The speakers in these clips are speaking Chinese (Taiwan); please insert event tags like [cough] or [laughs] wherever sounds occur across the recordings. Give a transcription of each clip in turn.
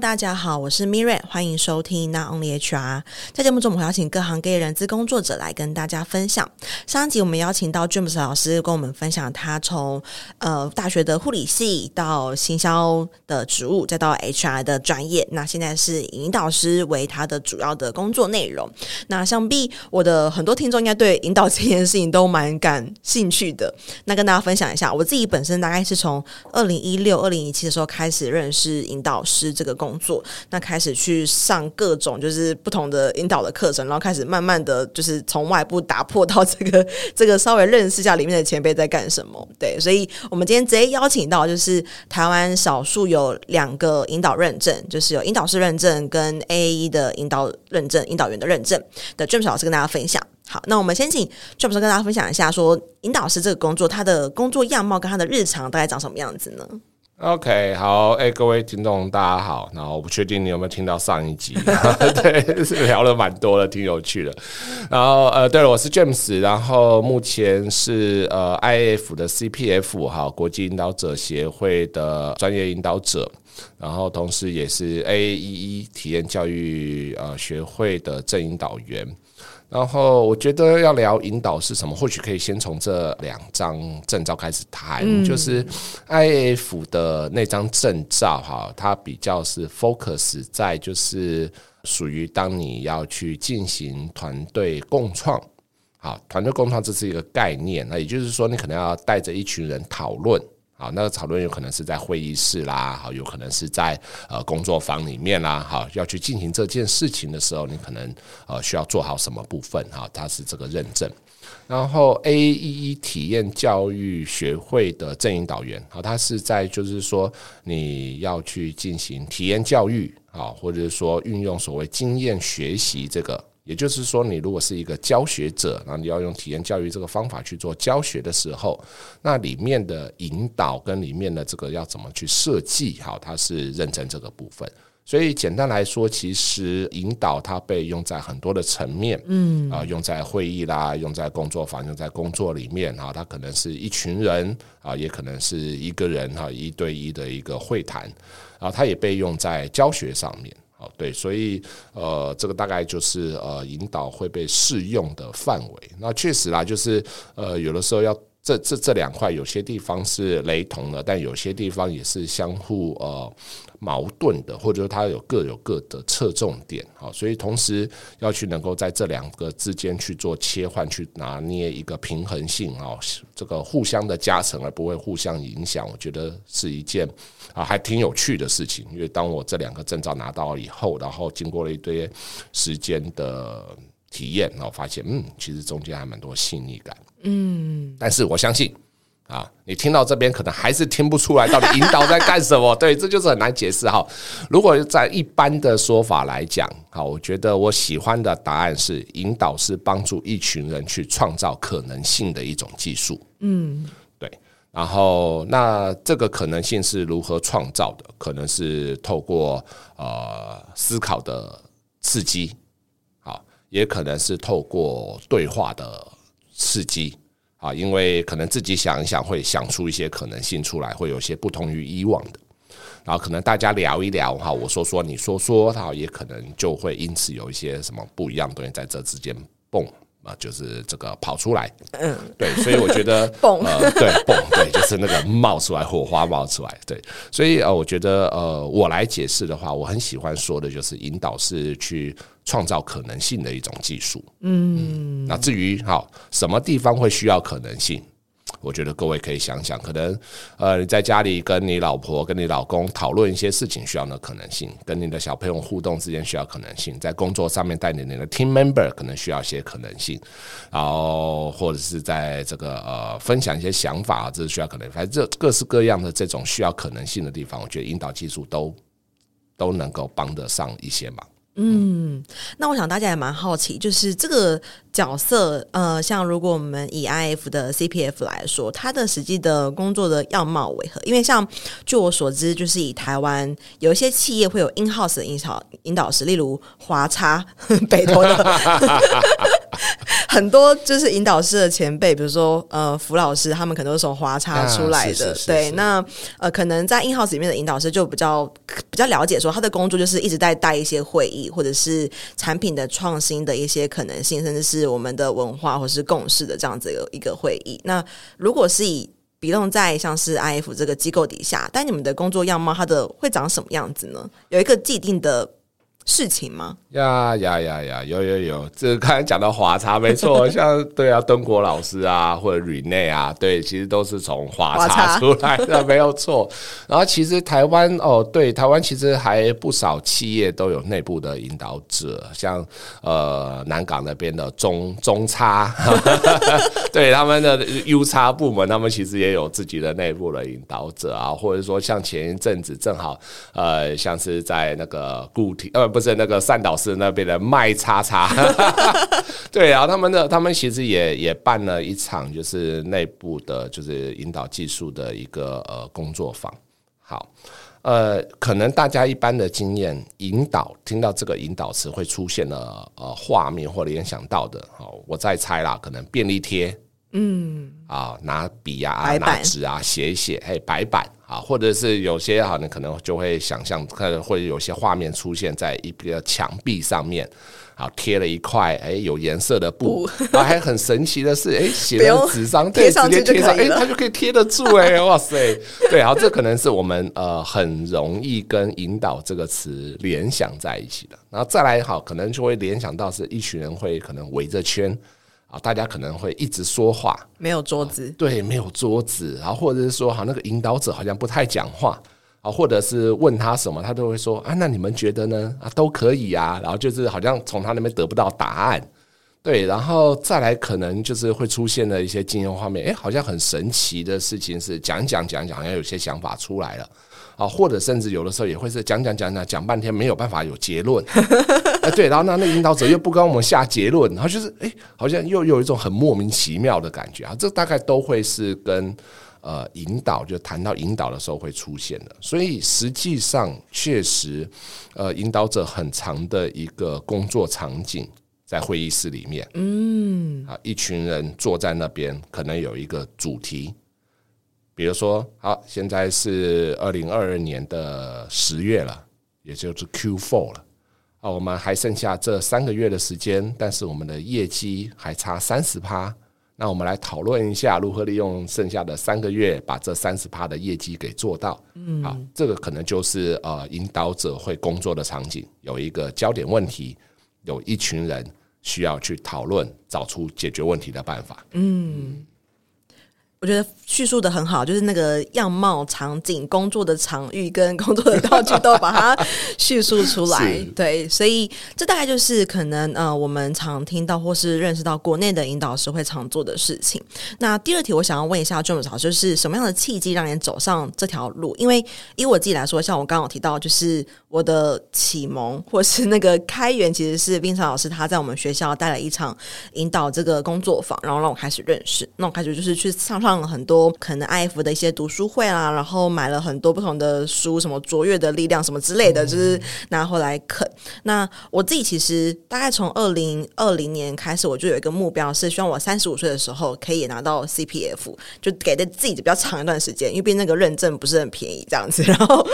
大家好，我是 Mira 歡迎收聽《n o Only HR》。在節目中，我們會邀請各行各業人資工作者來跟大家分享。上一集我們邀請到 James 老師，跟我們分享他從呃大學的護理系到行銷的職務，再到 HR 的專業。那現在是引導師為他的主要的工作內容。那想必我的很多聽眾應該對引導這件事情都蠻感興趣的。那跟大家分享一下，我自己本身大概是從二零一六、二零一七的時候開始認識引導師這個工作。工作，那開始去上各種就是不同的引導的課程，然後開始慢慢的就是從外部打破到這個這個稍微認識一下裡面的前輩在幹什麼。對，所以我們今天直接邀請到就是台灣少數有兩個引導認證，就是有引導師認證跟 AAEE 的引導認證引導員的認證的 James 老師跟大家分享。好，那我們先請 James 跟大家分享一下，說引導師這個工作他的工作樣貌跟他的日常大概長什麼樣子呢？OK，好，哎、欸，各位聽眾大家好，然後我不確定你有沒有聽到上一集， [laughs] [laughs] 對，是聊了蠻多的，挺有趣的。然後，呃，對了，我是 James，然後目前是呃 IAF 的 CPF 哈國際引導者協會的專業引導者，然後同時也是 AAEE 體驗教育呃學會的正引導員。然後我覺得要聊引導是什麼，或許可以先從這兩張證照開始談，就是 IAF 的那張證照哈，它比較是 focus 在就是屬於當你要去進行團隊共創，好，團隊共創這是一個概念，那也就是說你可能要帶着一群人討論。好，那個討論有可能是在會議室啦，好，有可能是在呃工作坊裡面啦，好，要去進行這件事情的時候，你可能呃需要做好什麼部分？哈，它是這個認證，然後 AEE 體驗教育學會的正引導員，好，他是在就是說你要去進行體驗教育，好，或者是說運用所謂經驗學習這個。也就是說，你如果是一個教學者，然後你要用體驗教育這個方法去做教學的時候，那裡面的引導跟裡面的這個要怎麼去設計，好，它是認證這個部分。所以簡單來說，其實引導它被用在很多的層面，嗯，啊，用在會議啦，用在工作坊，用在工作裡面，哈，它可能是一群人啊，也可能是一個人哈，一對一的一個會談，然後它也被用在教學上面。好，對，所以呃，這個大概就是呃，引導會被適用的範圍。那確實啦，就是呃，有的時候要。這這這兩塊有些地方是雷同的，但有些地方也是相互呃矛盾的，或者說它，有各有各的側重點。好，所以同時要去能夠在這兩個之間去做切換，去拿捏一個平衡性哦，這個互相的加成而不會互相影響，我覺得是一件啊還挺有趣的事情。因為當我這兩個證照拿到以後，然後經過了一堆時間的體驗，然後發現嗯，其實中間還蠻多細膩感。嗯，但是我相信啊，你聽到這邊可能還是聽不出來到底引導在幹什麼。 [laughs] 對，這就是很難解釋哈。如果在一般的說法來講，好，我覺得我喜歡的答案是引導是幫助一群人去創造可能性的一種技術。嗯，對。然後，那這個可能性是如何創造的？可能是透過呃思考的刺激，好，也可能是透過對話的。刺激啊！因為可能自己想一想，會想出一些可能性出來，會有些不同於以往的。然後可能大家聊一聊哈，我說說，你說說，然後也可能就會因此有一些什麼不一樣的東西在這之間蹦啊，就是這個跑出來。嗯，對，所以我覺得蹦，呃、對蹦，對，就是那個冒出來火花，冒出來。對，所以呃，我覺得呃，我來解釋的話，我很喜歡說的就是引導式去。創造可能性的一種技術，嗯，嗯、那至於好什麼地方會需要可能性，我覺得各位可以想想，可能呃你在家裡跟你老婆、跟你老公討論一些事情需要的可能性，跟你的小朋友互動之間需要可能性，在工作上面帶領你的 team member 可能需要一些可能性，然後或者是在這個呃分享一些想法，這是需要可能，反正各式各樣的這種需要可能性的地方，我覺得引導技術都都能夠幫得上一些忙。嗯，那我想大家也蠻好奇，就是這個角色，呃，像如果我們以 IAF 的 CPF 來說，它的實際的工作的樣貌為何？因為像據我所知，就是以台灣有一些企業會有 in house 的引導引導師，例如華叉北投的。 [laughs] [laughs] 很多就是引導師的前輩，比如說呃，福老師，他們可能都是從華差出來的。啊、是是是是對，是是是，那呃，可能在 in house 裡面的引導師就比較比較了解，說他的工作就是一直在帶一些會議，或者是產品的創新的一些可能性，甚至是我們的文化或是共識的這樣子有一個會議。那如果是以 belong 在像是 IAF 這個機構底下，但你們的工作樣貌，它的會長什麼樣子呢？有一個既定的。事情嗎？呀呀呀呀，有有有，這剛才講到華茶，沒錯， [laughs] 像對啊，敦國老師啊，或者瑞內啊，對，其實都是從華茶出來的，華差 [laughs] 沒有錯。然後其實台灣哦，對，台灣其實還不少企業都有內部的引導者，像呃南港那邊的中中差， [laughs] 對他們的 U 差部門，他們其實也有自己的內部的引導者啊，或者說像前一陣子正好呃，像是在那個固體呃。不是那個善導寺那邊的賣叉叉， [laughs] [laughs] 對啊，他們的他們其實也也辦了一場，就是內部的，就是引導技術的一個呃工作坊。好，呃，可能大家一般的經驗，引導聽到這個引導詞會出現了呃畫面或者聯想到的，好，我再猜啦，可能便利貼。嗯、哦、啊，白板啊，拿筆啊，拿紙啊，寫一寫。哎，白板啊，或者是有些好，你可能就會想象，可能會有些畫面出現在一個牆壁上面，好貼了一塊哎、欸、有顏色的布，嗯、然後還很神奇的是，哎、欸，寫了紙張貼上面貼上，哎不用、欸，它就可以貼得住、欸，哎， [laughs] 哇塞，對，然後這可能是我們呃很容易跟“引導”這個詞聯想在一起的。然後再來好，可能就會聯想到是一群人會可能圍着圈。大家可能會一直說話，沒有桌子，對，沒有桌子，然後或者是說，那個引導者好像不太講話，或者是問他什麼，他都會說，啊，那你們覺得呢？啊，都可以啊，然後就是好像從他那邊得不到答案，對，然後再來可能就是會出現的一些經驗畫面，哎、欸，好像很神奇的事情是，講講，講講，好像有些想法出來了。啊，或者甚至有的時候也會是講講講講講，講半天，沒有辦法有結論。啊， [laughs] 對，然後那那引導者又不跟我們下結論，然後就是哎，好像又有一種很莫名其妙的感覺啊。這大概都會是跟呃引導就談到引導的時候會出現的。所以實際上確實，呃，引導者很長的一個工作場景在會議室裡面，嗯，啊，一群人坐在那邊，可能有一個主題。比如說，好，現在是二零二二年的十月了，也就是 Q4 了。我們還剩下這三個月的時間，但是我們的業績還差三十趴，那我們來討論一下如何利用剩下的三個月，把這三十趴的業績給做到。嗯，好，這個可能就是呃，引導者會工作的場景，有一個焦點問題，有一群人需要去討論，找出解決問題的辦法。嗯。嗯。我覺得敘述的很好，就是那個樣貌、場景、工作的場域跟工作的道具 [laughs] 都把它敘述出來。是對，所以這大概就是可能呃，我們常聽到或是認識到國內的引導師會常做的事情。那第二題，我想要問一下 James 老師就是什麼樣的契機讓你走上這條路？因為以我自己來說，像我剛剛提到，就是我的啟蒙或是那個開源，其實是冰草老師他在我們學校帶了一場引導這個工作坊，然後讓我開始認識，那我開始就是去上。放了很多可能 IAF 的一些讀書會啊，然後買了很多不同的書，什麼卓越的力量什麼之類的，就是拿回來啃。那我自己其實大概從二零二零年開始，我就有一個目標，是希望我三十五歲的時候可以拿到 CPF，就給的自己的比較長一段時間，因為畢竟那個認證不是很便宜這樣子。然後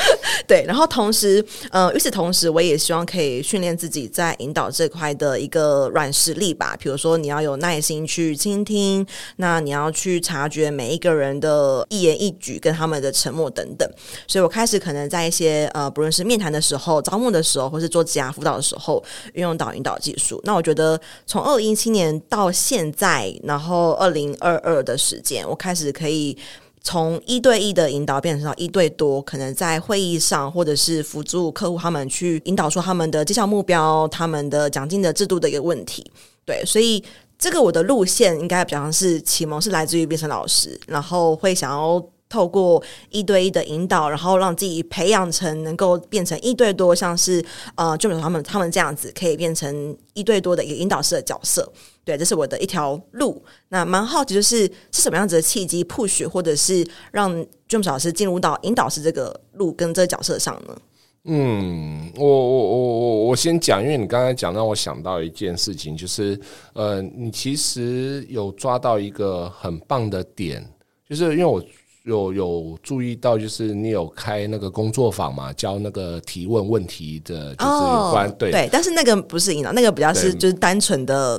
對，然後同時，呃與此同時，我也希望可以訓練自己在引導這塊的一個軟實力吧。比如說，你要有耐心去傾聽，那你要去察覺。每一個人的一言一舉，跟他們的沉默等等，所以我開始可能在一些呃，不論是面談的時候、招募的時候，或是做職涯輔導的時候，運用導引導技術。那我覺得從二零一七年到現在，然後二零二二的時間，我開始可以從一對一的引導變成到一對多，可能在會議上或者是輔助客戶他們去引導出他們的績效目標、他們的獎金的制度的一個問題。對，所以。這個我的路線應該比較像是啟蒙，是來自於變成老師，然後會想要透過一對一的引導，然後讓自己培養成能夠變成一對多，像是呃 James 老師他們他們這樣子，可以變成一對多的一個引導師的角色。對，這是我的一條路。那蠻好奇就是是什麼樣子的契機 push，或者是讓 James 老師進入到引導師這個路跟這個角色上呢？嗯，我我我我我先講，因為你剛才講讓我想到一件事情，就是呃，你其實有抓到一個很棒的點，就是因為我有有注意到，就是你有開那個工作坊嘛，教那個提問問題的，就是有關、oh, 對，對，但是那個不是引導，那個比較是就是單純的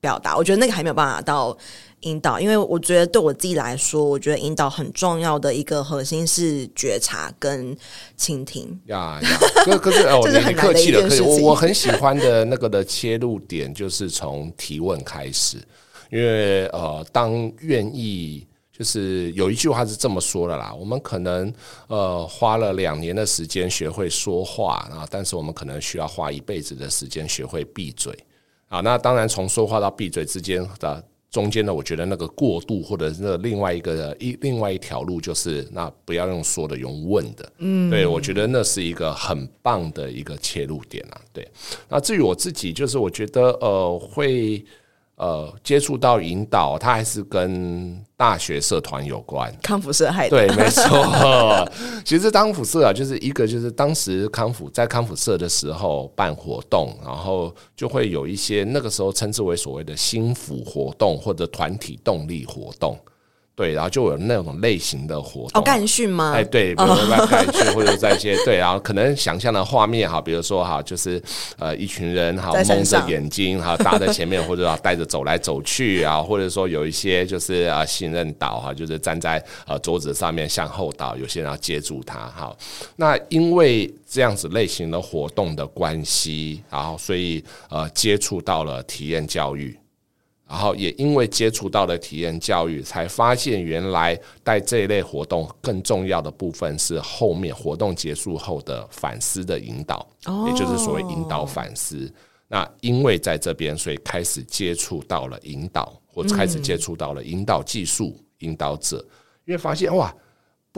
表達，對我覺得那個還沒有辦法到。引導，因為我覺得對我自己來說，我覺得引導很重要的一個核心是覺察跟傾聽。呀，yeah, yeah, 可是可是，這、哦、 [laughs] 是很你客氣的。可以，我我很喜歡的那個的切入點就是從提問開始，因為呃，當願意，就是有一句話是這麼說的啦。我們可能呃花了兩年的時間學會說話，然、啊、後，但是我們可能需要花一輩子的時間學會閉嘴。啊，那當然，從說話到閉嘴之間的。中間呢，我覺得那個過渡，或者是那另外一個一另外一條路，就是那不要用說的，用問的，嗯，對我覺得那是一個很棒的一個切入點啊，對。那至於我自己，就是我覺得呃會。呃，接觸到引導，他還是跟大學社團有關。康輔社還對，沒錯。其實當輔社啊，就是一個，就是當時康輔在康輔社的時候辦活動，然後就會有一些那個時候稱之為所謂的心輔活動，或者團體動力活動。對，然後就有那種類型的活動，哦，幹訓嗎？哎，對，比如說幹訓、哦、或者在一些對，然後可能想象的畫面哈， [laughs] 比如說哈，就是呃，一群人哈、呃、蒙着眼睛哈、呃，搭在前面 [laughs] 或者說帶着走來走去啊、呃，或者說有一些就是啊、呃、信任導哈、呃，就是站在呃桌子上面向後倒，有些人要接住他哈、呃。那因為這樣子類型的活動的關係，然、呃、後所以呃接觸到了體驗教育。然後也因為接觸到了體驗教育，才發現原來帶這一類活動更重要的部分是後面活動結束後的反思的引導，也就是所謂引導反思。那因為在這邊，所以開始接觸到了引導，或者開始接觸到了引導技術、引導者，因為發現哇。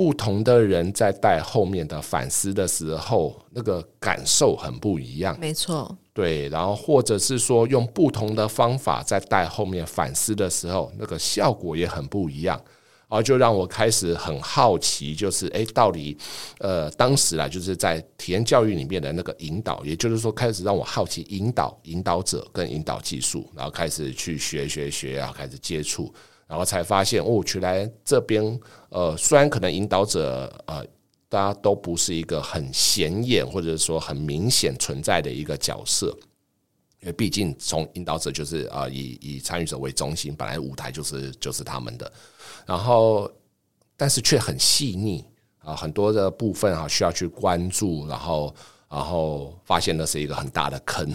不同的人在帶後面的反思的時候，那個感受很不一樣沒錯。沒錯，對，然後或者是說用不同的方法在帶後面反思的時候，那個效果也很不一樣。而就讓我開始很好奇，就是哎、欸，到底呃當時啦，就是在體驗教育裡面的那個引導，也就是說，開始讓我好奇引導、引導者跟引導技術，然後開始去學學學、啊，然後開始接觸。然後才發現哦，去來這邊，呃，雖然可能引導者呃，大家都不是一個很顯眼或者說很明顯存在的一個角色，因為畢竟從引導者就是啊、呃，以以參與者為中心，本來舞台就是就是他們的，然後但是卻很細膩啊、呃，很多的部分啊需要去關注，然後。然後發現那是一個很大的坑，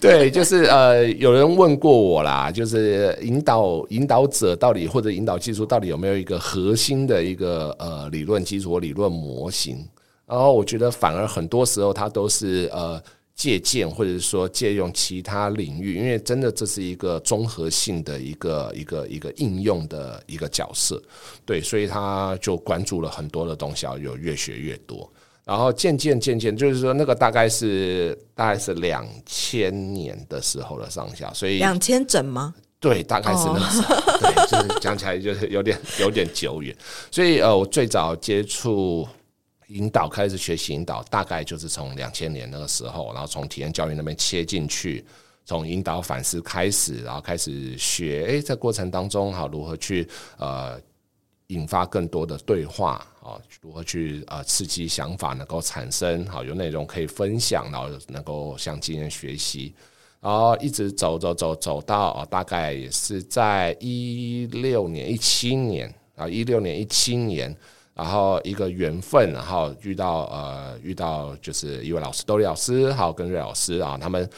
對，就是呃，有人問過我啦，就是引導引導者到底或者引導技術到底有沒有一個核心的一個呃理論基礎和理論模型？然後我覺得反而很多時候他都是呃借鑒或者說借用其他領域，因為真的這是一個綜合性的一個一個一個一個應用的一個角色，對，所以他就關注了很多的東西，有越學越多。然後漸漸漸漸，就是說那個大概是大概是兩千年的時候的上下，所以兩千整嗎？對，大概是那樣子。哦、 [laughs] 對，就是講起來就是有點有點久遠。所以呃，我最早接觸引導，開始學習引導，大概就是從兩千年那個時候，然後從體驗教育那邊切進去，從引導反思開始，然後開始學。哎，在過程當中，哈，如何去呃引發更多的對話。啊，如何去啊刺激想法能夠產生？有內容可以分享，然後能夠向經驗學習，然後一直走走走走到啊，大概也是在一六年、一七年啊，一六年、一七年，然後一個緣分，然後遇到呃，遇到就是一位老師，豆豆老師，還有跟瑞老師啊，他們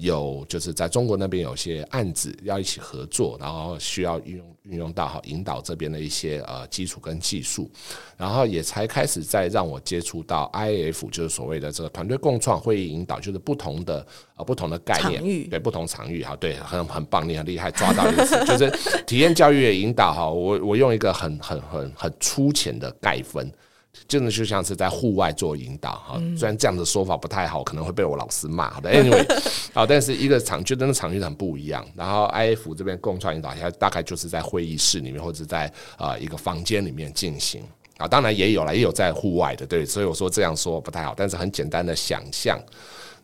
有就是在中國那邊有些案子要一起合作，然後需要運用。運用到哈引導這邊的一些呃基礎跟技術，然後也才開始在讓我接觸到 IAF，就是所謂的這個團隊共創會議引導，就是不同的呃不同的概念，域對不同場域哈，對，很很棒，你很厲害，抓到的意思 [laughs] 就是體驗教育的引導哈，我我用一個很很很很粗淺的概分。真的就像是在戶外做引導哈，雖然這樣的說法不太好，可能會被我老師罵的。Anyway，好， [laughs] 但是一個場就真的場景很不一樣。然後 IAF 這邊共創引導，大概就是在會議室裡面，或者是在啊、呃、一個房間裡面進行啊。當然也有了，也有在戶外的，對。所以我說這樣說不太好，但是很簡單的想象。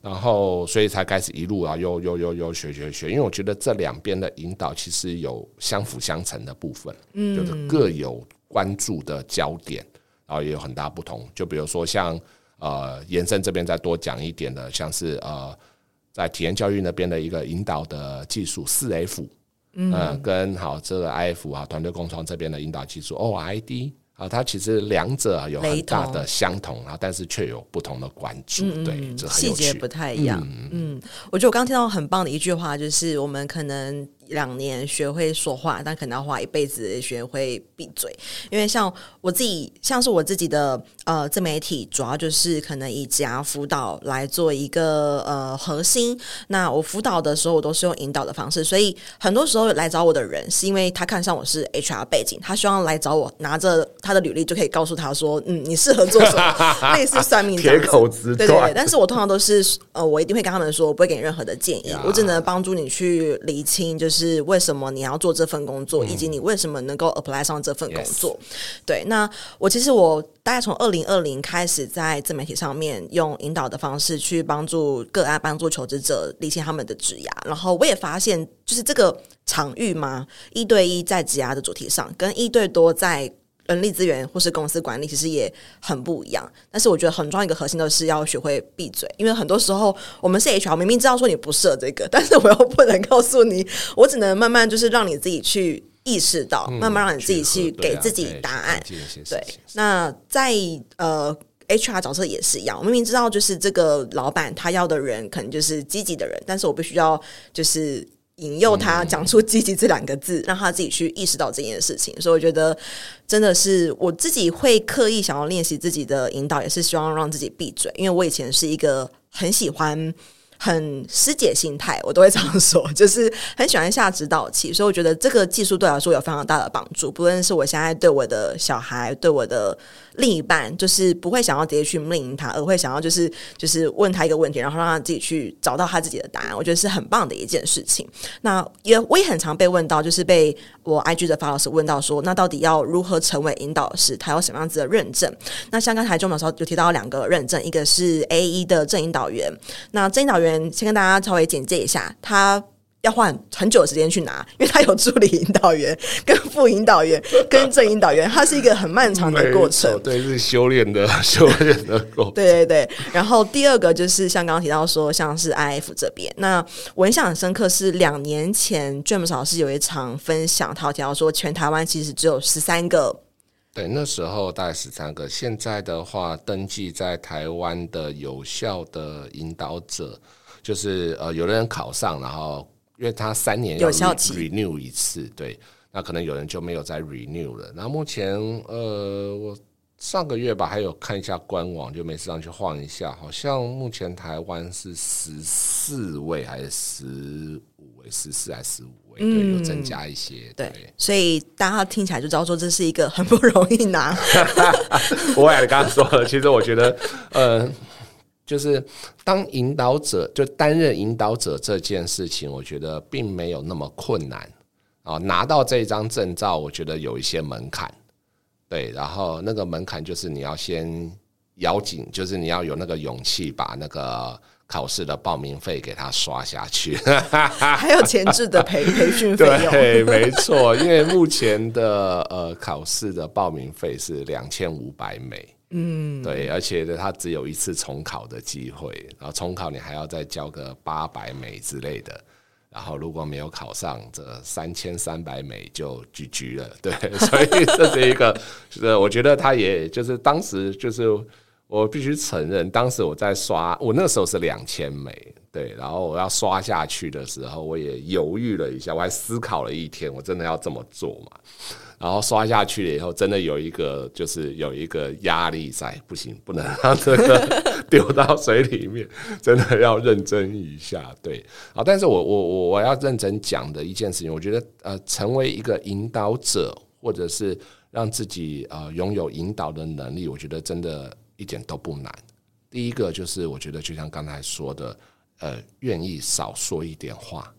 然後所以才開始一路啊，又又又又學學學，因為我覺得這兩邊的引導其實有相輔相成的部分，嗯，就是各有關注的焦點。也有很大不同。就比如說像呃，延伸這邊再多講一點的，像是呃，在體驗教育那邊的一個引導的技術 4F，嗯，呃、跟好、哦、這個 IF 啊、哦，團隊共創這邊的引導技術 ORID 啊，它其實兩者有很大的相同啊，同但是卻有不同的關注，同對，這細節不太一樣。嗯，嗯，我覺得我剛聽到很棒的一句話就是，我們可能。兩年學會說話，但可能要花一輩子學會閉嘴。因為像我自己，像是我自己的呃自媒體，主要就是可能以家輔導來做一個呃核心。那我輔導的時候，我都是用引導的方式，所以很多時候來找我的人，是因為他看上我是 HR 背景，他希望來找我，拿着他的履歷就可以告訴他說：“嗯，你適合做什麼？”類似 [laughs] 算命、鐵口直斷。對對。但是我通常都是呃，我一定會跟他們說，我不會給你任何的建議，呀我只能幫助你去釐清，就是。是為什麼你要做這份工作，以及你為什麼能夠 apply 上這份工作？嗯、對，那我其實我大概從二零二零開始在自媒體上面用引導的方式去幫助個案，幫助求職者理清他們的職涯。然後我也發現，就是這個場域嘛，一對一在職涯的主題上，跟一對多在。人力資源或是公司管理其實也很不一樣，但是我覺得很重要的一個核心的是要學會閉嘴，因為很多時候我們是 HR，明明知道說你不設這個，但是我又不能告訴你，我只能慢慢就是讓你自己去意識到，嗯、慢慢讓你自己去給自己答案。嗯、對，那在呃 HR 角色也是一樣，我明明知道就是這個老闆他要的人可能就是積極的人，但是我必須要就是。引誘他講出“積極”這兩個字，讓他自己去意識到這件事情。所以我覺得，真的是我自己會刻意想要練習自己的引導，也是希望讓自己閉嘴，因為我以前是一個很喜歡。很師姐心態，我都會這樣說，就是很喜歡下指導棋，所以我覺得這個技術對我來說有非常大的幫助。不論是我現在對我的小孩，對我的另一半，就是不會想要直接去命令他，而會想要就是就是問他一個問題，然後讓他自己去找到他自己的答案。我覺得是很棒的一件事情。那也我也很常被問到，就是被我 IG 的法老師問到說，那到底要如何成為引導師？他要什麼樣子的認證？那像剛才中的時候有提到兩個認證，一個是 AAEE 的正引導員，那正引導員。先跟大家稍微簡介一下，他要花很，很久的時間去拿，因為他有助理引導員、跟副引導員、跟正引導員，他 [laughs] 是一個很漫長的過程。對，是修煉的修煉的過程。對對對。然後第二個就是像剛剛提到說，像是 IAF 這邊，那我印象很深刻是兩年前，James 老師有一場分享，他提到說，全台灣其實只有十三個。對，那時候大概十三個，現在的話，登記在台灣的有效的引導者。就是呃，有的人考上，然後因為他三年有效期 renew 一次，對，那可能有人就沒有再 renew 了。那目前呃，我上個月吧，還有看一下官網，就沒事上去晃一下，好像目前台灣是十四位還是十五位？十四還是十五位？對，嗯，有增加一些。對，對，所以大家聽起來就知道說這是一個很不容易拿。 [laughs] [laughs] 我也剛剛說了，其實我覺得呃。就是當引導者，就擔任引導者這件事情，我覺得並沒有那麼困難啊。拿到這張證照，我覺得有一些門檻，對，然後那個門檻就是你要先咬緊，就是你要有那個勇氣把那個考試的報名費給他刷下去，還有前置的 [laughs] 培培訓費用，對，沒錯， [laughs] 因為目前的呃考試的報名費是兩千五百美。嗯，對，而且他只有一次重考的機會，然後重考你還要再交個八百美之類的，然後如果沒有考上，這三千三百美就 GG 了，對，所以這是一個， [laughs] 我覺得他也就是當時就是我必須承認，當時我在刷，我那時候是兩千美，對，然後我要刷下去的時候，我也猶豫了一下，我還思考了一天，我真的要這麼做嗎？然後刷下去了以後，真的有一個就是有一個壓力在，不行，不能讓這個丟到水裡面，真的要認真一下。對，啊，但是我我我我要認真講的一件事情，我覺得呃，成為一個引導者，或者是讓自己呃擁有引導的能力，我覺得真的一點都不難。第一個就是我覺得就像剛才說的，呃，願意少說一點話，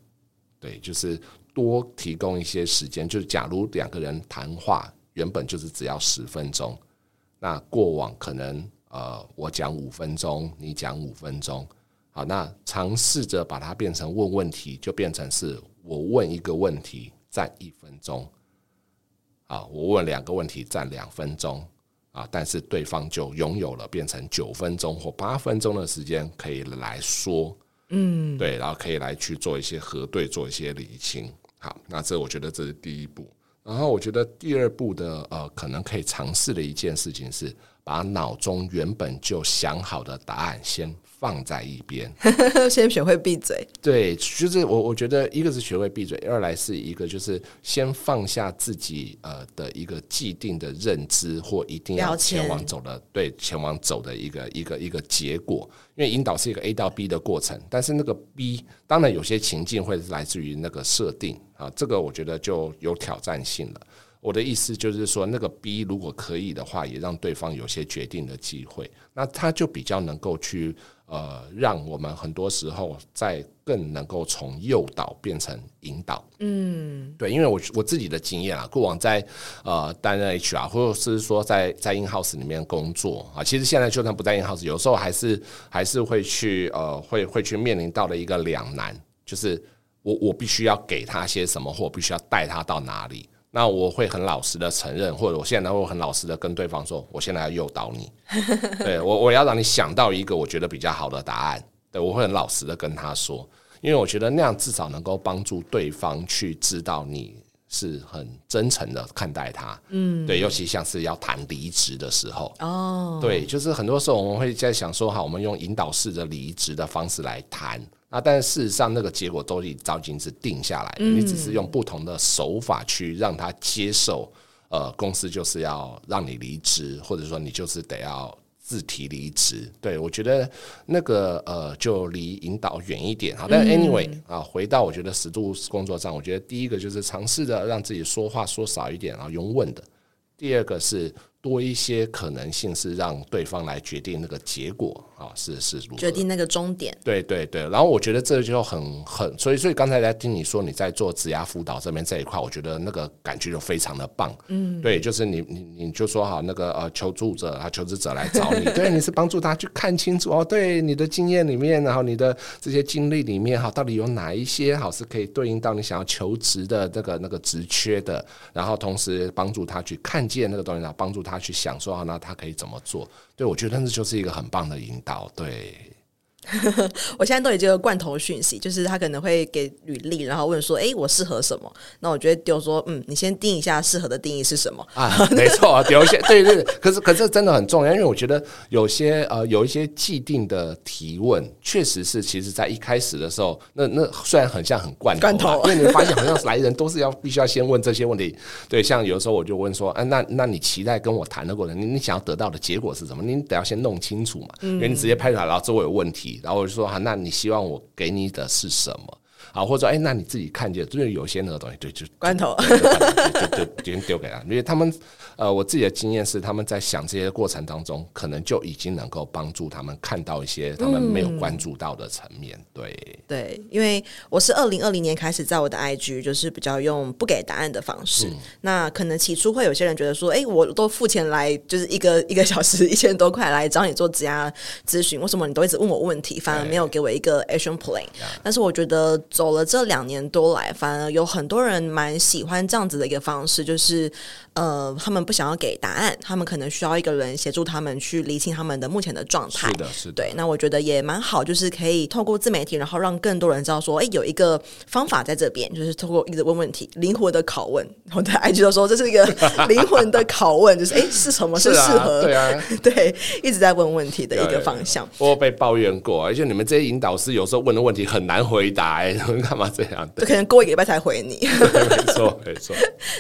對，就是。多提供一些時間，就是假如兩個人談話原本就是只要十分鐘，那過往可能呃我講五分鐘，你講五分鐘，好，那嘗試着把它變成問問題，就變成是我問一個問題佔一分鐘，啊，我問兩個問題佔兩分鐘，啊，但是對方就擁有了變成九分鐘或八分鐘的時間可以來說，嗯，對，然後可以來去做一些核對，做一些理清。好，那這我覺得這是第一步。然後我覺得第二步的呃，可能可以嘗試的一件事情是。把腦中原本就想好的答案先放在一邊，先學會閉嘴。對，就是我，我覺得一個是學會閉嘴，二來是一個就是先放下自己呃的一個既定的認知或一定要前往走的對前往走的一個一個一個一個結果。因為引導是一個 A 到 B 的過程，但是那個 B 當然有些情境會來自於那個設定啊，這個我覺得就有挑戰性了。我的意思就是說，那個 B 如果可以的話，也讓對方有些決定的機會，那他就比較能夠去呃，讓我們很多時候在更能夠從誘導變成引導。嗯，對，因為我我自己的經驗啊，過往在呃擔任 HR 啊，或者是說在在 in house 裡面工作啊，其實現在就算不在 in house，有時候還是還是會去呃，會會去面臨到了一個兩難，就是我我必須要給他些什麼，或我必須要帶他到哪裡。那我會很老實的承認，或者我現在會很老實的跟對方說，我現在要誘導你，對，我我要讓你想到一個我覺得比較好的答案。對，我會很老實的跟他說，因為我覺得那樣至少能夠幫助對方去知道你是很真誠的看待他。嗯，對，尤其像是要談離職的時候，哦，對，就是很多時候我們會在想說，哈，我們用引導式的離職的方式來談。啊，但是事實上，那個結果都已經早已經是定下來的，嗯、你只是用不同的手法去讓他接受。呃，公司就是要讓你離職，或者說你就是得要自提離職。對，我覺得那個呃，就離引導遠一點。好，但 anyway、嗯、啊，回到我覺得適度工作上，我覺得第一個就是嘗試著讓自己說話說少一點，然後用問的。第二個是。多一些可能性，是讓對方來決定那個結果啊，是是如何決定那個終點。對對對，然後我覺得這就很很，所以所以剛才在聽你說你在做職涯輔導這邊這一塊，我覺得那個感覺就非常的棒。嗯，對，就是你你你就說好，那個呃求助者啊，求職者來找你，對，你是幫助他去看清楚哦， [laughs] 對你的經驗裡面，然後你的這些經歷裡面哈，到底有哪一些好是可以對應到你想要求職的那個那個職缺的，然後同時幫助他去看見那個東西，然後幫助他。他去想說啊，那他可以怎麼做？對，我覺得那就是一個很棒的引導，對。 [laughs] 我現在都有這個罐頭訊息，就是他可能會給履歷，然後問說：“哎、欸，我適合什麼？”那我覺得丟說：“嗯，你先定一下適合的定義是什麼？”啊， [laughs] 沒錯啊，有一些對對，對，可是可是真的很重要，因為我覺得有些呃有一些既定的提問，確實是其實在一開始的時候，那那雖然很像很罐頭，罐頭因為你發現好像來人都是要 [laughs] 必須要先問這些問題。對，像有的時候我就問說：“哎、啊，那那你期待跟我談的過程，你你想要得到的結果是什麼？”你得要先弄清楚嘛，嗯、因為你直接拍出來，然後周圍有問題。然後我就說啊，那你希望我給你的是什麼？啊，或者說，哎、欸，那你自己看見，就是有些那個東西，頭對，就關頭，就就丟給他， [laughs] 因為他們，呃，我自己的經驗是，他們在想這些過程當中，可能就已經能夠幫助他們看到一些他們沒有關注到的層面，嗯、對，對，因為我是二零二零年開始在我的 IG，就是比較用不給答案的方式，嗯、那可能起初會有些人覺得說，哎、欸，我都付錢來，就是一個一個小時一千多塊來找你做職業諮詢，為什麼你都一直問我問題，反而沒有給我一個 action plan？對但是我覺得。走了這兩年多來，反而有很多人蠻喜歡這樣子的一個方式，就是。呃，他們不想要給答案，他們可能需要一個人協助他們去理清他們的目前的狀態。是的，是的，對。那我覺得也蠻好，就是可以透過自媒體，然後讓更多人知道，說，哎，有一個方法在這邊，就是通過一直問問題，靈活的拷問。我在 IG 都說這是一個靈魂的拷問， [laughs] 就是哎，是什麼、是啊、是適合？對啊，對，一直在問問題的一個方向。我被抱怨過，而且你們這些引導師有時候問的問題很難回答，欸，哎，幹嘛這樣的？對，就可能過一個禮拜才回你。沒錯，沒錯。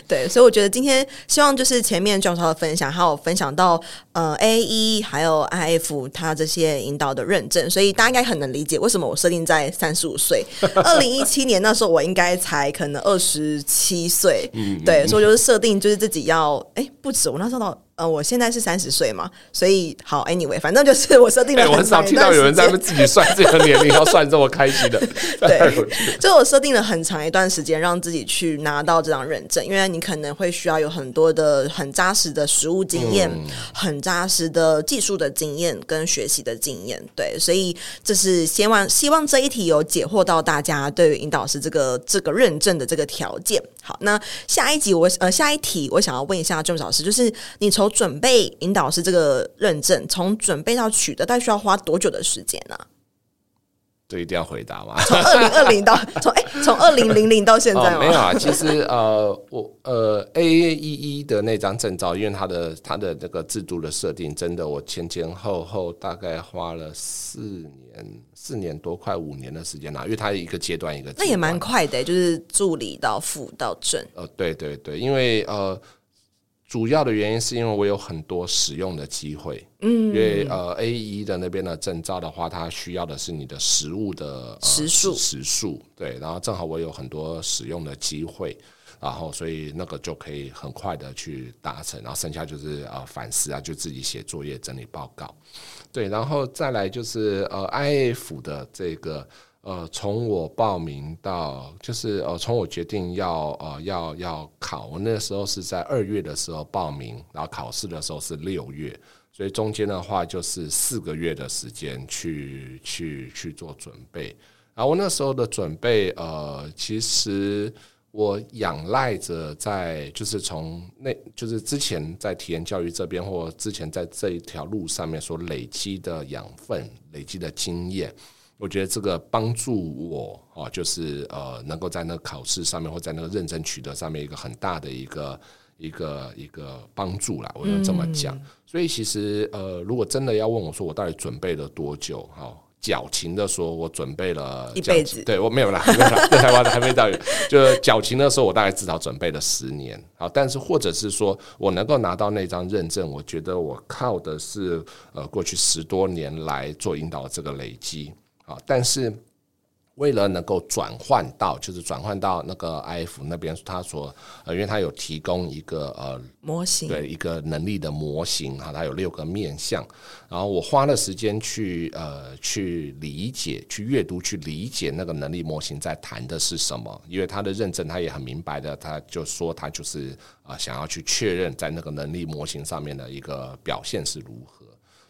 對，所以我覺得今天。希望就是前面教授的分享，還有分享到呃 AAEE 還有 IAF 他這些引導的認證，所以大家應該很能理解為什麼我設定在三十五歲。二零一七年那時候我應該才可能二十七歲， [laughs] 對，所以就是設定就是自己要哎、欸、不止，我那時候到。呃，我現在是三十歲嘛，所以好，anyway，反正就是我設定了很長時間、欸。我很少聽到有人在那自己算這個年齡，要算這麼開心的。 [laughs] [laughs] 對，就我設定了很長一段時間，讓自己去拿到這張認證，因為你可能會需要有很多的很扎實的實務經驗，嗯、很扎實的技術的經驗跟學習的經驗。對，所以這是希望希望這一題有解惑到大家對於引導師這個這個認證的這個條件。好，那下一集我呃下一題我想要問一下 James 老師，就是你從有準備引導師這個認證，從準備到取得，大概需要花多久的時間呢、啊？對，一定要回答嗎？從二零二零到從哎從二零零零到現在嗎？哦、沒有啊，其實呃我呃 A A E E 的那張證照， [laughs] 因為它的它的那個制度的設定，真的我前前後後大概花了四年四年多快五年的時間了、啊，因為它一個階段一個段那也蠻快的，就是助理到副到正。哦、呃，對對對，因為呃。主要的原因是因為我有很多使用的機會，嗯，因為呃 AAEE 的那邊的證照的話，它需要的是你的時數的時數、呃時數，對，然後正好我有很多使用的機會，然後所以那個就可以很快的去達成，然後剩下就是呃反思啊，就自己寫作業、整理報告，對，然後再來就是呃 IAF 的這個。呃，從我報名到就是呃，從我決定要呃要要考，我那時候是在二月的時候報名，然後考試的時候是六月，所以中間的話就是四個月的時間去去去做準備。然後我那時候的準備，呃，其實我仰賴着在就是從那，就是之前在體驗教育這邊或之前在這一條路上面所累積的養分、累積的經驗。我覺得這個幫助我啊，就是呃，能夠在那個考試上面，或在那個認證取得上面，一個很大的一個一個一個幫助啦。我能這麼講。嗯、所以其實呃，如果真的要問我說，我到底準備了多久？哈、啊，矯情的說，我準備了一輩子。子。對，我沒有啦，沒有啦 [laughs] 對台灣的還沒到， [laughs] 就是矯情的時候，我大概至少準備了十年。好，但是或者是說我能夠拿到那張認證，我覺得我靠的是呃，過去十多年來做引導的這個累積。但是，為了能夠轉換到，就是轉換到那個 IAF 那邊，他說，呃，因為他有提供一個呃模型，對一個能力的模型啊，它有六個面向。然後我花了時間去呃去理解、去閱讀、去理解那個能力模型在談的是什麼。因為他的認證，他也很明白的，他就說他就是、呃、想要去確認在那個能力模型上面的一個表現是如何。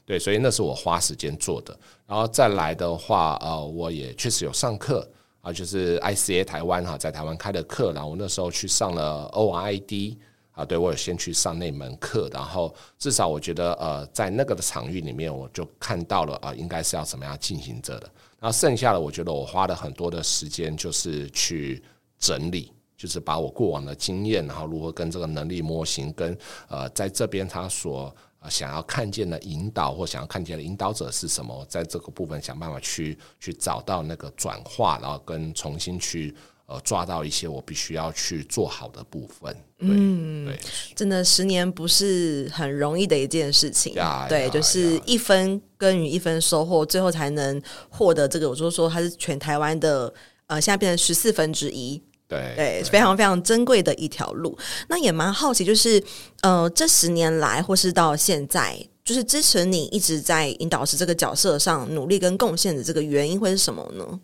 對，所以那是我花時間做的。然後再來的話，呃，我也確實有上課啊，就是 ICA 台灣哈、啊，在台灣開的課。然後我那時候去上了 ORID 啊，對，我有先去上那門課。然後至少我覺得，呃，在那個的場域裡面，我就看到了啊，應該是要怎麼樣進行着的。然後剩下的，我覺得我花了很多的時間，就是去整理，就是把我過往的經驗，然後如何跟這個能力模型，跟呃，在這邊他所。想要看見的引導，或想要看見的引導者是什麼？在這個部分想辦法去去找到那個轉化，然後跟重新去呃抓到一些我必須要去做好的部分。嗯，對，真的十年不是很容易的一件事情，yeah, yeah, yeah. 對，就是一分耕耘一分收穫，最後才能獲得這個。我就是說，它是全台灣的，呃，現在變成十四分之一。對，對，非常非常珍貴的一條路。對那也蠻好奇，就是，呃，這十年來或是到現在，就是支持你一直在引導師這個角色上努力跟貢獻的這個原因會是什麼呢？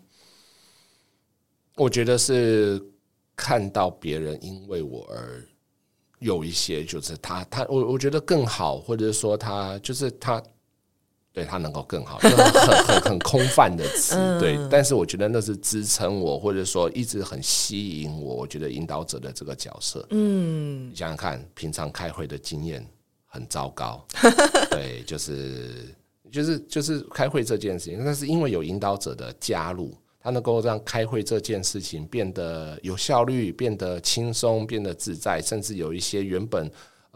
我覺得是看到別人因為我而有一些，就是他他我我覺得更好，或者說他就是他。對他能夠更好，就很很很空泛的詞，對， [laughs] 嗯、但是我覺得那是支撐我，或者說一直很吸引我。我覺得引導者的這個角色，嗯，你想想看，平常開會的經驗很糟糕，對，就是就是就是開會這件事情，但是因為有引導者的加入，他能夠讓開會這件事情變得有效率，變得輕鬆，變得自在，甚至有一些原本。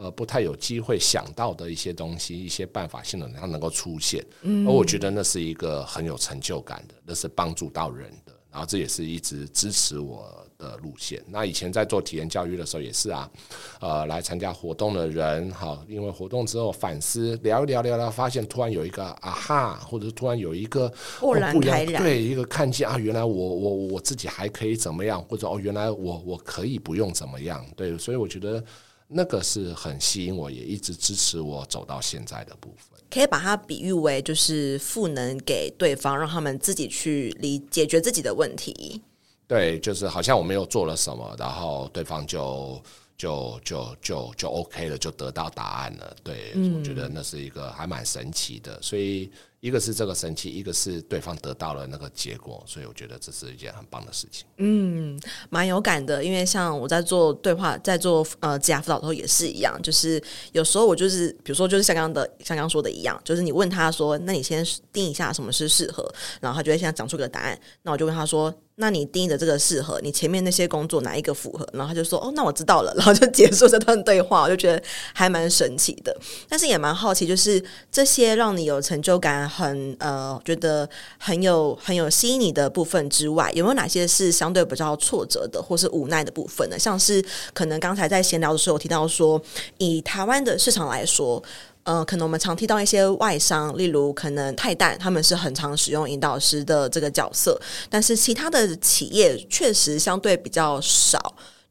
呃，不太有機會想到的一些東西、一些辦法性的，它能夠出現。嗯，而我覺得那是一個很有成就感的,那是幫助到人的。然後這也是一直支持我的路線。那以前在做體驗教育的時候也是啊，呃，來參加活動的人，好，因為活動之後反思，聊一聊，聊聊，發現突然有一個啊哈，或者突然有一個豁然開朗，對，一個看見啊，原來我我我自己還可以怎麼樣，或者哦，原來我我可以不用怎麼樣，對，所以我覺得。那個是很吸引我，也一直支持我走到現在的部分。可以把它比喻為就是賦能給對方，讓他們自己去理解決自己的問題。對，就是好像我們又做了什麼，然後對方就就就就就 OK 了，就得到答案了。對、嗯、我覺得那是一個還蠻神奇的，所以。一個是這個神奇，一個是對方得到了那個結果，所以我覺得這是一件很棒的事情。嗯，蠻有感的，因為像我在做對話，在做呃職涯輔導的時候也是一樣，就是有時候我就是，比如說就是像剛剛的，像剛剛說的一樣，就是你問他說，那你先定一下什麼是適合，然後他就會先講出一個答案，那我就問他說。那你定義的這個適合你前面那些工作哪一個符合？然後他就說：“哦，那我知道了。”然後就結束這段對話，我就覺得還蠻神奇的。但是也蠻好奇，就是這些讓你有成就感很、很呃覺得很有很有吸引你的部分之外，有沒有哪些是相對比較挫折的或是無奈的部分呢？像是可能剛才在閒聊的時候提到說，以台灣的市場來說。嗯、呃，可能我們常提到一些外商，例如可能泰淡，他們是很常使用引導師的這個角色，但是其他的企業確實相對比較少。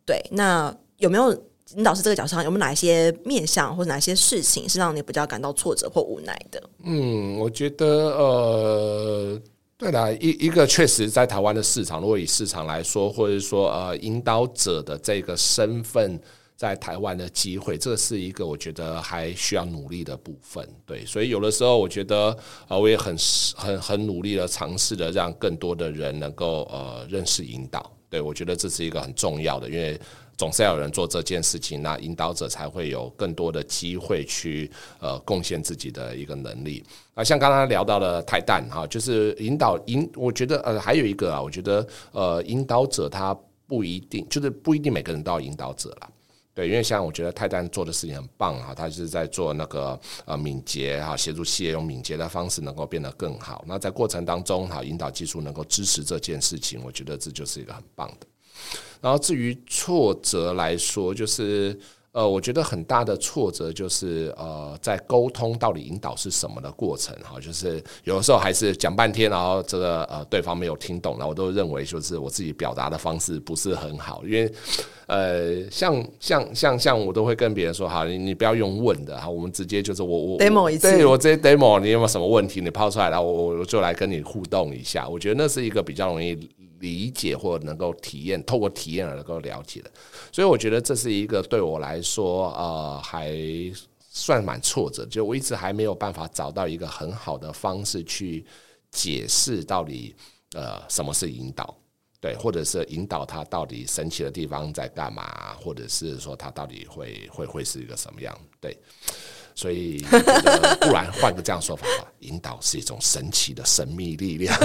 對，那有沒有引導師這個角色上，有沒有哪一些面向或者哪些事情是讓你比較感到挫折或無奈的？嗯，我覺得，呃，對啦，一一個確實在台灣的市場，如果以市場來說，或者說，呃，引導者的這個身份。在台灣的機會，這是一個我覺得還需要努力的部分。對，所以有的時候我覺得，呃，我也很很很努力的嘗試著，讓更多的人能夠呃認識引導。對我覺得這是一個很重要的，因為總是要有人做這件事情，那引導者才會有更多的機會去呃貢獻自己的一個能力。那像剛剛聊到的泰淡哈，就是引導引，我覺得呃還有一個啊，我覺得呃引導者他不一定，就是不一定每個人都是引導者了。對，因為像我覺得泰丹做的事情很棒，他是在做那個呃敏捷，協助企業用敏捷的方式能夠變得更好。那在過程當中，引導技術能夠支持這件事情，我覺得這就是一個很棒的。然後至於挫折來說，就是。呃，我覺得很大的挫折就是，呃，在溝通到底引導是什麼的過程哈，就是有的時候還是講半天，然後這個呃對方沒有聽懂，然後我都認為就是我自己表達的方式不是很好，因為，呃，像像像像我都會跟別人說，哈，你你不要用問的，哈，我們直接就是我我 demo 一次，我直接 demo，你有沒有什麼問題，你拋出來，然後我我就來跟你互動一下，我覺得那是一個比較容易。理解、或能夠體驗，透過體驗而能夠了解的，所以我覺得這是一個對我來說，呃，還算蠻挫折的。就我一直還沒有辦法找到一個很好的方式去解釋到底，呃，什麼是引導，對，或者是引導他到底神奇的地方在幹嘛，或者是說他到底會、會、會是一個什麼樣，對。所以，不然換個這樣說法吧，引導是一種神奇的神秘力量，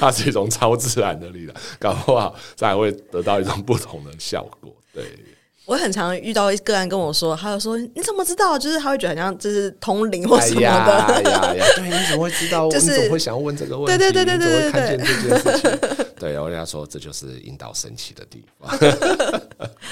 它是一種超自然的力量，搞不好再會得到一種不同的效果。對，我很常遇到一個人跟我說，他就說你怎麼知道？就是他會覺得好像就是通靈或什麼的。哎呀哎呀，對，你怎麼會知道？就是會想問這個問題，對對對對對，對，我跟他說這就是引導神奇的地方。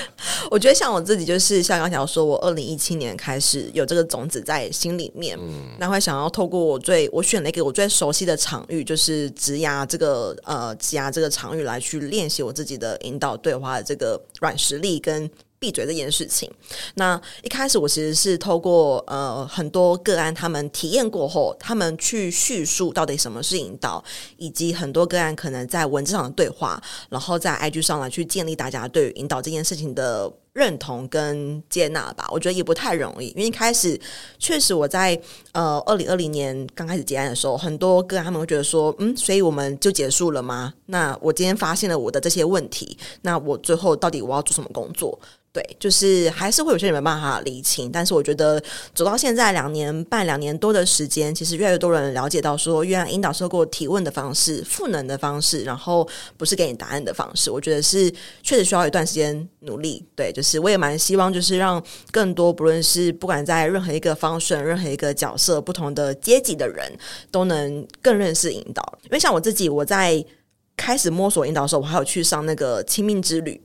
[laughs] 我覺得像我自己，就是像剛才說我說，我二零一七年開始有這個種子在心裡面，那、嗯、會想要透過我最我選了一個我最熟悉的場域，就是職涯這個呃職涯這個場域來去練習我自己的引導對話的這個軟實力跟閉嘴這件事情，那一開始我其實是透過呃很多個案，他們體驗過後，他們去敘述到底什麼是引導，以及很多個案可能在文字上的對話，然後在 IG 上來去建立大家對於引導這件事情的認同跟接納吧。我覺得也不太容易，因為一開始確實我在呃二零二零年剛開始結案的時候，很多個案他們會覺得說，嗯，所以我們就結束了嗎？那我今天發現了我的這些問題，那我最後到底我要做什麼工作？對，就是還是會有些人沒辦法理清，但是我覺得走到現在兩年半、兩年多的時間，其實越來越多人了解到說，用引導、給我提問的方式賦能的方式，然後不是給你答案的方式，我覺得是確實需要一段時間努力。對，就是我也蠻希望，就是讓更多不論是不管在任何一個方式、任何一個角色、不同的階級的人，都能更認識引導。因為像我自己，我在開始摸索引導的時候，我還有去上那個親密之旅。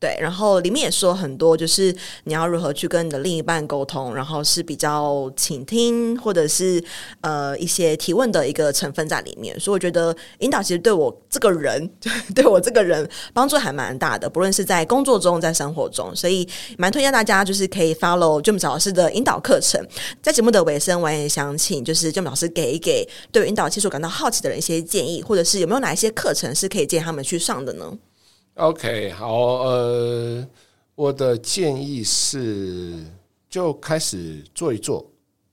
對，然後裡面也說很多，就是你要如何去跟你的另一半溝通，然後是比較傾聽，或者是呃一些提問的一個成分在裡面。所以我覺得引導其實對我這個人，就對我這個人幫助還蠻大的，不論是在工作中，在生活中，所以蠻推薦大家就是可以 follow James 老師的引導課程。在節目的尾聲，我也想請就是 James 老師給一給對引導技術感到好奇的人一些建議，或者是有沒有哪一些課程是可以建議他們去上的呢？OK，好，呃，我的建議是就開始做一做，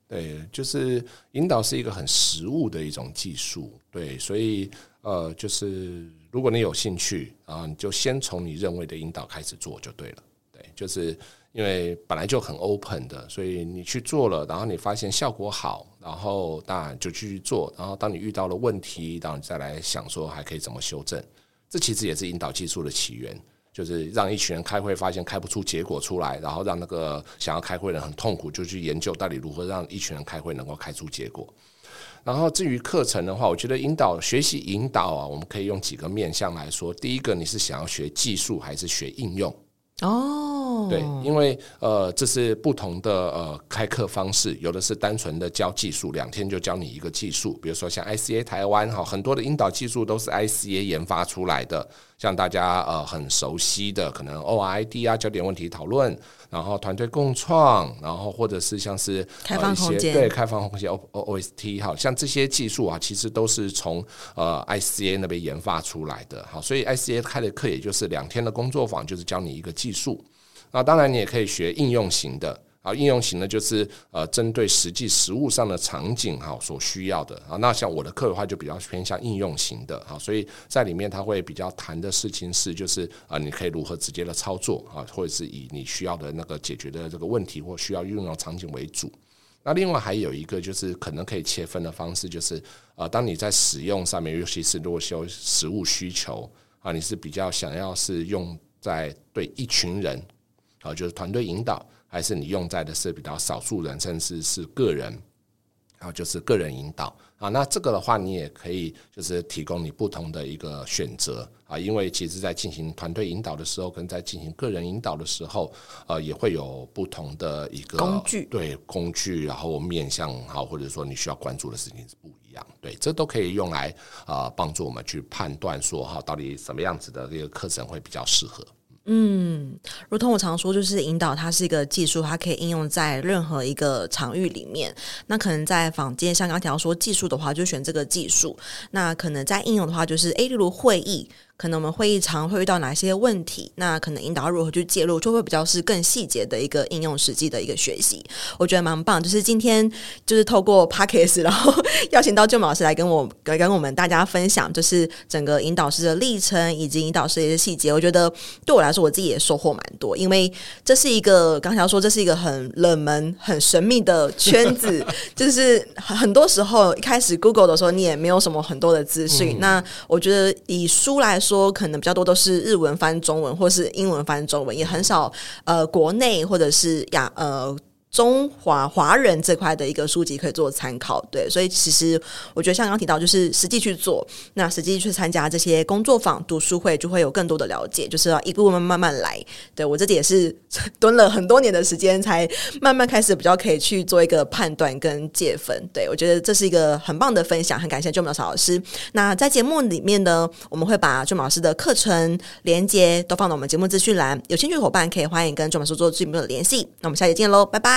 對，就是引導是一個很實務的一種技術，對，所以呃，就是如果你有興趣啊，然後你就先從你認為的引導開始做就對了，對，就是因為本來就很 open 的，所以你去做了，然後你發現效果好，然後當然就繼續做，然後當你遇到了問題，然後你再來想說還可以怎麼修正。這其實也是引導技術的起源，就是讓一群人開會，發現開不出結果出來，然後讓那個想要開會的人很痛苦，就去研究到底如何讓一群人開會能夠開出結果。然後至於課程的話，我覺得引導學習引導啊，我們可以用幾個面向來說。第一個，你是想要學技術還是學應用？哦。Oh. 對，因為呃，這是不同的呃開課方式，有的是單純的教技術，兩天就教你一個技術，比如說像 ICA 台灣哈，很多的引導技術都是 ICA 研發出來的，像大家呃很熟悉的可能 ORID 啊，焦點問題討論，然後團隊共創，然後或者是像是開放空間、呃、對，開放空間 O O, o S T 哈，像這些技術啊，其實都是從呃 ICA 那邊研發出來的，哈，所以 ICA 開的課也就是兩天的工作坊，就是教你一個技術。那當然，你也可以學應用型的啊，應用型的，就是呃，針對實際實務上的場景哈，所需要的啊。那像我的課的話，就比較偏向應用型的啊，所以在裡面他會比較談的事情是，就是啊，你可以如何直接的操作啊，或者是以你需要的那個解決的這個問題或需要運用的場景為主。那另外還有一個就是可能可以切分的方式，就是呃，當你在使用上面，尤其是如果有實務需求啊，你是比較想要是用在對一群人。就是團隊引導，還是你用在的是比較少數人，甚至是個人，然後就是個人引導啊。那這個的話，你也可以就是提供你不同的一個選擇啊，因為其實在進行團隊引導的時候，跟在進行個人引導的時候，呃，也會有不同的一個工具，對工具，然後面向或者說你需要關注的事情是不一樣。對，這都可以用來啊幫助我們去判斷說哈，到底什麼樣子的一個課程會比較適合。嗯，如同我常說，就是引導它是一個技術，它可以應用在任何一個場域裡面。那可能在坊間，像剛才說技術的話，就選這個技術。那可能在應用的話，就是誒，例如會議。可能我們會議常會遇到哪些問題？那可能引導如何去介入，就會比較是更細節的一個應用實際的一個學習。我覺得蠻棒，就是今天就是透過 Podcast 然後邀請到 James 老師來跟我跟我們大家分享，就是整個引導師的歷程以及引導師的一些細節。我覺得對我來說，我自己也收穫蠻多，因為這是一個剛才說這是一個很冷門、很神秘的圈子， [laughs] 就是很多時候一開始 Google 的時候，你也沒有什麼很多的資訊。嗯、那我覺得以書來說。說可能比較多都是日文翻中文，或是英文翻中文，也很少呃國內或者是亞呃、中華華人這塊的一個書籍可以做參考，對，所以其實我覺得像剛剛提到，就是實際去做，那實際去參加這些工作坊、讀書會，就會有更多的了解，就是要一步步慢慢來。對我自己也是蹲了很多年的時間，才慢慢開始比較可以去做一個判斷跟借分。對我覺得這是一個很棒的分享，很感謝 James 老、老師。那在節目裡面呢，我們會把 James 老師的課程鏈接都放到我們節目資訊欄，有興趣的夥伴可以歡迎跟 James 老師做進一步的聯繫。那我們下期見嘍，拜拜。